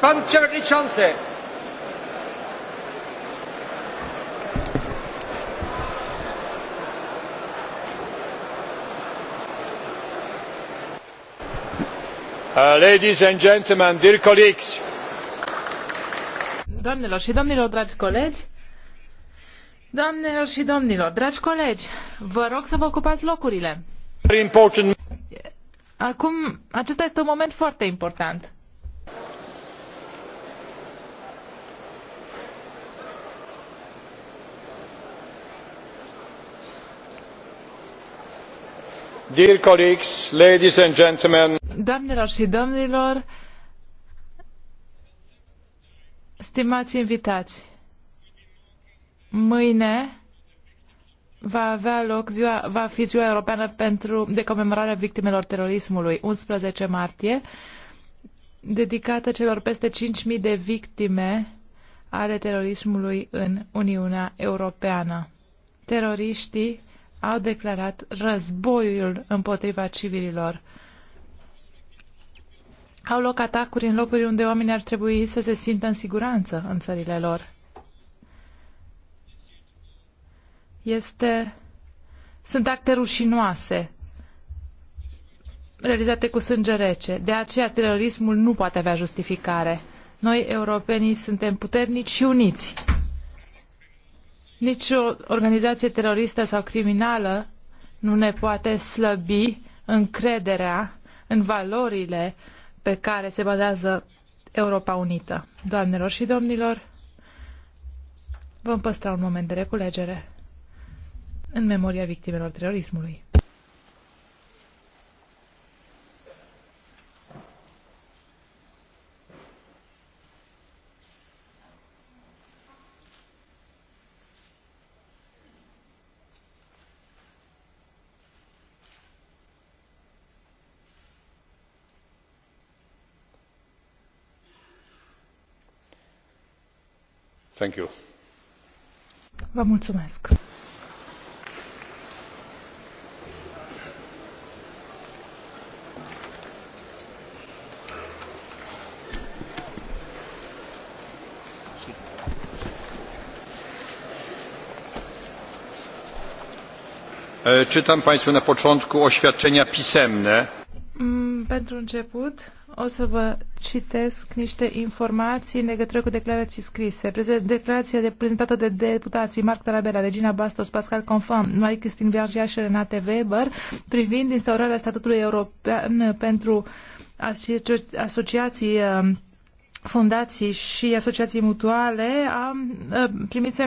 Pan Przewodniczący! Uh, ladies and gentlemen, dear colleagues. Doamnelor și domnilor, dragi colegi, Doamnelor și domnilor, dragi colegi, vă rog să vă ocupați locurile. Important. Acum, acesta este un moment foarte important. Dear colleagues, ladies and gentlemen. Doamnelor și domnilor, stimați invitați, mâine va avea loc ziua, va fi ziua europeană pentru, de comemorare a victimelor terorismului, 11 martie, dedicată celor peste 5.000 de victime ale terorismului în Uniunea Europeană. Teroriștii au declarat războiul împotriva civililor. Au loc atacuri în locuri unde oamenii ar trebui să se simtă în siguranță în țările lor. este, sunt acte rușinoase realizate cu sânge rece. De aceea terorismul nu poate avea justificare. Noi, europenii, suntem puternici și uniți. Nici o organizație teroristă sau criminală nu ne poate slăbi încrederea în valorile pe care se bazează Europa Unită. Doamnelor și domnilor, vom păstra un moment de reculegere în memoria victimelor terorismului. Vă mulțumesc. Czytam Państwu na początku oświadczenia pisemne. Mm, pentru început o să vă citesc niște informații în legătură cu declarații scrise. Declarația de, prezentată de deputații Marc Tarabella, Regina Bastos, Pascal Confam, Mai Cristin Viargea și Renate Weber privind instaurarea statutului european pentru asociații um, fundații și asociații mutuale a uh, primit